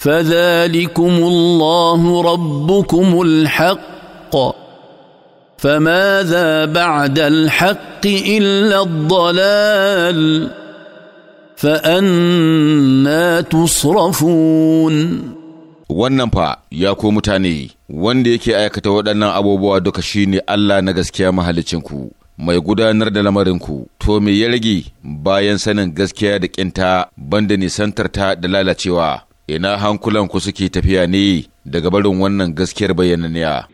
فذلكم الله ربكم الحق فماذا بعد الحق الا الضلال فأنا تصرفون wannan fa ya ko mutane wanda yake aikata waɗannan abubuwa duka shine Allah na gaskiya mahalicinku mai gudanar da lamarinku to me ya rage bayan sanin gaskiya da ƙinta banda nisantar ta da lalacewa ina hankulanku suke tafiya ne daga barin wannan gaskiyar bayyananiya.